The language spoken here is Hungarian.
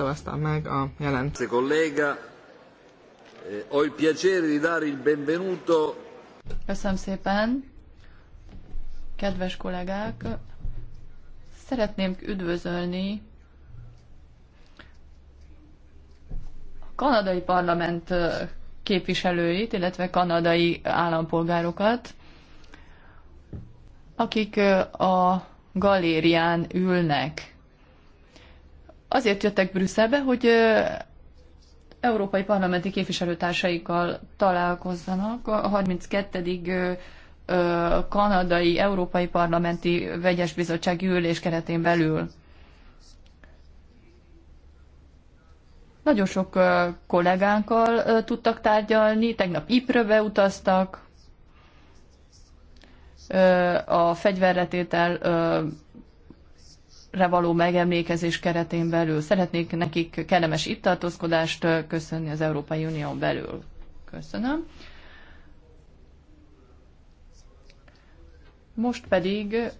szavazta meg a jelent. Eh, Köszönöm szépen. Kedves kollégák, szeretném üdvözölni a kanadai parlament eh, képviselőit, illetve kanadai állampolgárokat, akik eh, a galérián ülnek azért jöttek Brüsszelbe, hogy európai parlamenti képviselőtársaikkal találkozzanak a 32. kanadai európai parlamenti vegyes bizottsági ülés keretén belül. Nagyon sok kollégánkkal tudtak tárgyalni, tegnap Ipröbe utaztak, a fegyverletétel való megemlékezés keretén belül. Szeretnék nekik kellemes itt tartózkodást köszönni az Európai Unión belül. Köszönöm. Most pedig